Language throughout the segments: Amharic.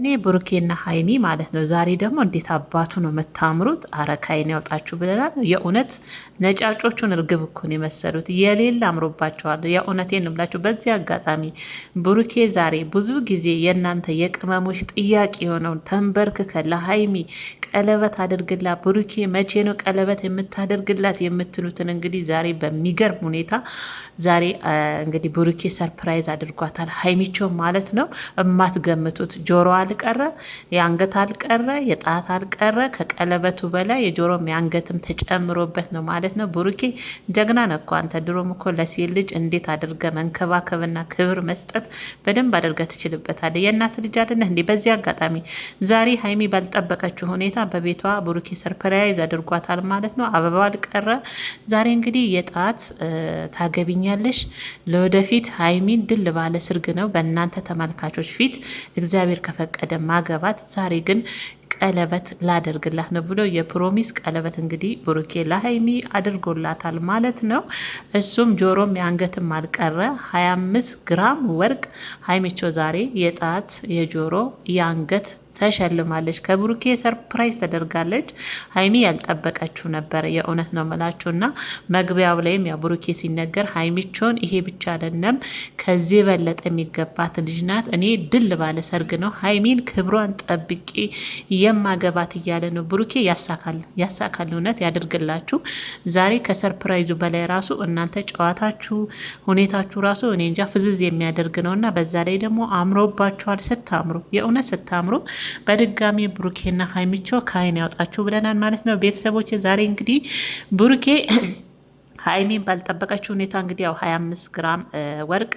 እኔ ብሩኬና ሀይሚ ማለት ነው። ዛሬ ደግሞ እንዴት አባቱ ነው የምታምሩት! አረ ካይን ያውጣችሁ ብለናል። የእውነት ነጫጮቹን እርግብ እኮ ነው የመሰሉት። የሌላ አምሮባቸዋል። የእውነቴን ነው በዚህ አጋጣሚ ብሩኬ ዛሬ ብዙ ጊዜ የእናንተ የቅመሞች ጥያቄ የሆነውን ተንበርክከ ለሀይሚ ቀለበት አድርግላት፣ ብሩኬ መቼ ነው ቀለበት የምታደርግላት የምትሉትን እንግዲህ ዛሬ በሚገርም ሁኔታ ዛሬ እንግዲህ ብሩኬ ሰርፕራይዝ አድርጓታል ሀይሚቸው ማለት ነው። የማትገምቱት ጆሮዋል አልቀረ፣ የአንገት አልቀረ፣ የጣት አልቀረ፣ ከቀለበቱ በላይ የጆሮም የአንገትም ተጨምሮበት ነው ማለት ነው። ብሩኬ ጀግና ነህ እኮ አንተ። ድሮም እኮ ለሴት ልጅ እንዴት አድርገ መንከባከብና ክብር መስጠት በደንብ አድርገ ትችልበታለ። የእናት ልጅ አደለህ እንዴ? በዚህ አጋጣሚ ዛሬ ሀይሚ ባልጠበቀችው ሁኔታ በቤቷ ብሩኬ ሰርፕራይዝ አድርጓታል ማለት ነው። አበባ አልቀረ። ዛሬ እንግዲህ የጣት ታገቢኛለሽ ለወደፊት ሀይሚን ድል ባለ ስርግ ነው በእናንተ ተመልካቾች ፊት እግዚአብሔር ከፈቀ ታቀደ ማገባት ዛሬ ግን ቀለበት ላደርግላት ነው ብሎ የፕሮሚስ ቀለበት እንግዲህ ብሩኬ ለሀይሚ አድርጎላታል ማለት ነው። እሱም ጆሮም የአንገትም አልቀረ 25 ግራም ወርቅ ሀይሚቾ ዛሬ የጣት የጆሮ የአንገት ተሸልማለች። ከብሩኬ ሰርፕራይዝ ተደርጋለች። ሀይሚ ያልጠበቀችው ነበር። የእውነት ነው ምላችሁ እና መግቢያው ላይም ያው ብሩኬ ሲነገር ሀይሚቾን ይሄ ብቻ አይደለም ከዚህ የበለጠ የሚገባት ልጅ ናት። እኔ ድል ባለ ሰርግ ነው ሀይሚን ክብሯን ጠብቄ የማገባት እያለ ነው ብሩኬ። ያሳካል፣ ያሳካል። እውነት ያድርግላችሁ። ዛሬ ከሰርፕራይዙ በላይ ራሱ እናንተ ጨዋታችሁ፣ ሁኔታችሁ ራሱ እኔ እንጃ ፍዝዝ የሚያደርግ ነው እና በዛ ላይ ደግሞ አምሮባችኋል። ስታምሩ የእውነት ስታምሩ በድጋሚ ብሩኬና ሀይሚቾ ከአይን ያውጣችሁ ብለናል ማለት ነው ቤተሰቦች። ዛሬ እንግዲህ ብሩኬ ሀይሚን ባልጠበቀችው ሁኔታ እንግዲህ ያው 25 ግራም ወርቅ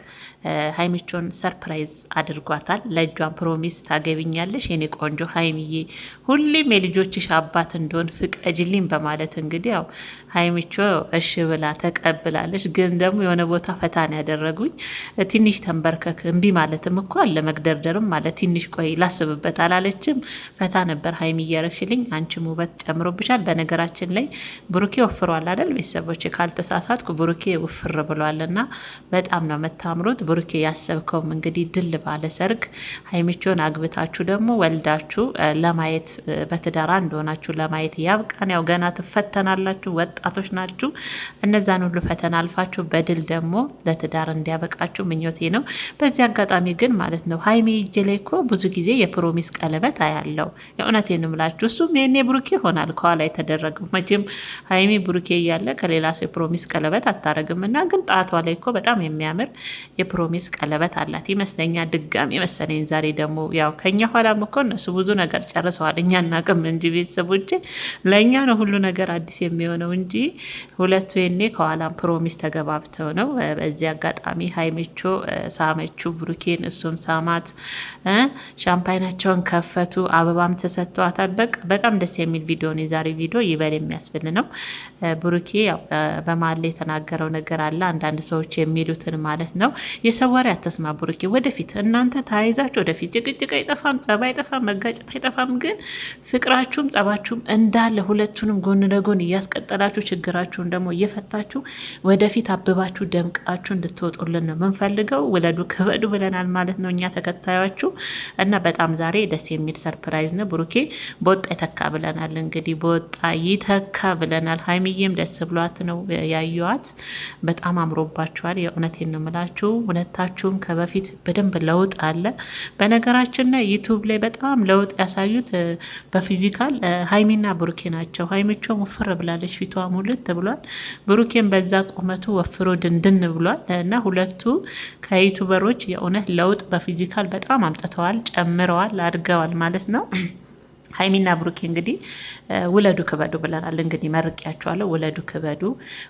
ሀይሚቾን ሰርፕራይዝ አድርጓታል። ለእጇን ፕሮሚስ ታገቢኛለሽ የኔ ቆንጆ ሀይሚዬ፣ ሁሌም የልጆችሽ አባት እንደሆን ፍቀጅልኝ በማለት እንግዲህ ያው ሀይሚቾ እሽ ብላ ተቀብላለች። ግን ደግሞ የሆነ ቦታ ፈታን ያደረጉኝ ትንሽ ተንበርከክ እምቢ ማለትም እኮ አለ መግደርደርም ማለት ትንሽ ቆይ ላስብበት አላለችም። ፈታ ነበር ሀይሚ እያረግሽልኝ፣ አንቺም ውበት ጨምሮብሻል። በነገራችን ላይ ብሩኬ ወፍሯል አይደል ቤተሰቦች ካል ካልተሳሳትኩ ብሩኬ ውፍር ብሏልና በጣም ነው የምታምሩት። ብሩኬ ያሰብከውም እንግዲህ ድል ባለ ሰርግ ሀይሚቾን አግብታችሁ ደግሞ ወልዳችሁ ለማየት በትዳር እንደሆናችሁ ለማየት ያብቃን። ያው ገና ትፈተናላችሁ፣ ወጣቶች ናችሁ። እነዛን ሁሉ ፈተና አልፋችሁ በድል ደግሞ ለትዳር እንዲያበቃችሁ ምኞቴ ነው። በዚህ አጋጣሚ ግን ማለት ነው ሀይሚ እጄ ላይ እኮ ብዙ ጊዜ የፕሮሚስ ቀለበት አያለው። የእውነቴን እምላችሁ እሱም የኔ ብሩኬ ይሆናል ከኋላ የተደረገው መቼም ሀይሚ ብሩኬ እያለ ከሌላ ሰው የፕሮሚስ ቀለበት አታረግም እና ግን ጣቷ ላይ እኮ በጣም የሚያምር የፕሮሚስ ቀለበት አላት ይመስለኛል። ድጋሚ መሰለኝ ዛሬ ደግሞ ያው ከኛ ኋላም እኮ እነሱ ብዙ ነገር ጨርሰዋል። እኛ እናቅም እንጂ ቤተሰቦች ለእኛ ነው ሁሉ ነገር አዲስ የሚሆነው እንጂ ሁለቱ የኔ ከኋላም ፕሮሚስ ተገባብተው ነው። በዚህ አጋጣሚ ሀይሜቾ ሳመቹ ብሩኬን፣ እሱም ሳማት። ሻምፓይናቸውን ከፈቱ፣ አበባም ተሰጥቷታል። በቃ በጣም ደስ የሚል ቪዲዮ ነው የዛሬ ቪዲዮ ይበል የሚያስብል ነው። ብሩኬ በመሀል የተናገረው ነገር አለ። አንዳንድ ሰዎች የሚሉትን ማለት ነው። የሰው ወሬ አትስማ ብሩኬ። ወደፊት እናንተ ተያይዛችሁ ወደፊት ጭቅጭቅ አይጠፋም፣ ጸብ አይጠፋም፣ መጋጨት አይጠፋም። ግን ፍቅራችሁም ጸባችሁም እንዳለ ሁለቱንም ጎን ለጎን እያስቀጠላችሁ ችግራችሁን ደግሞ እየፈታችሁ ወደፊት አብባችሁ ደምቃችሁ እንድትወጡልን ነው የምንፈልገው። ውለዱ ክበዱ ብለናል ማለት ነው እኛ ተከታዮቹ እና በጣም ዛሬ ደስ የሚል ሰርፕራይዝ ነው። ብሩኬ በወጣ ይተካ ብለናል። እንግዲህ በወጣ ይተካ ብለናል። ሀይሚዬም ደስ ብሏት ነው ያዩዋት በጣም አምሮባችኋል። የእውነቴን ነው የምላችሁ። ሁለታችሁም ከበፊት በደንብ ለውጥ አለ። በነገራችን ላይ ዩቱብ ላይ በጣም ለውጥ ያሳዩት በፊዚካል ሀይሚና ብሩኬ ናቸው። ሀይሚቸው ውፍር ብላለች፣ ፊቷ ሙልት ብሏል። ብሩኬን በዛ ቁመቱ ወፍሮ ድንድን ብሏል። እና ሁለቱ ከዩቱበሮች የእውነት ለውጥ በፊዚካል በጣም አምጥተዋል፣ ጨምረዋል፣ አድገዋል ማለት ነው። ሀይሚና ብሩኬ እንግዲህ ውለዱ ክበዱ ብለናል። እንግዲህ መርቂያችኋለሁ። ውለዱ ክበዱ፣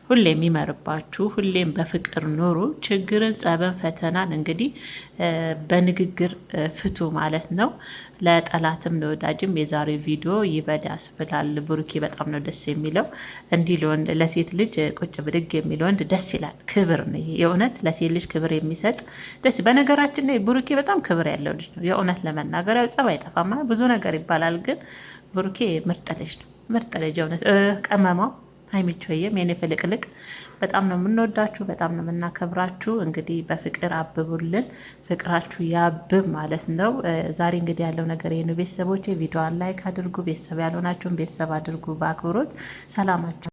ሁሌም ይመርባችሁ፣ ሁሌም በፍቅር ኑሩ። ችግርን፣ ጸበን፣ ፈተናን እንግዲህ በንግግር ፍቱ ማለት ነው። ለጠላትም ለወዳጅም የዛሬ ቪዲዮ ይበድ ያስብላል። ብሩኬ በጣም ነው ደስ የሚለው። እንዲህ ለወንድ ለሴት ልጅ ቁጭ ብድግ የሚል ወንድ ደስ ይላል። ክብር ነው የእውነት ለሴት ልጅ ክብር የሚሰጥ ደስ በነገራችን ላይ ብሩኬ በጣም ክብር ያለው ልጅ ነው የእውነት ለመናገር ያው ጸብ አይጠፋማ ብዙ ነገር ይባላል ግን ግን ብሩኬ ምርጥ ልጅ ነው። ምርጥ ልጅ እውነት ቀመማ ሀይሚቾዬም የኔ ፍልቅልቅ በጣም ነው የምንወዳችሁ፣ በጣም ነው የምናከብራችሁ። እንግዲህ በፍቅር አብቡልን፣ ፍቅራችሁ ያብብ ማለት ነው። ዛሬ እንግዲህ ያለው ነገር ይህ ነው። ቤተሰቦቼ ላይክ አድርጉ፣ ቤተሰብ ያልሆናችሁን ቤተሰብ አድርጉ። በአክብሮት ሰላማችሁ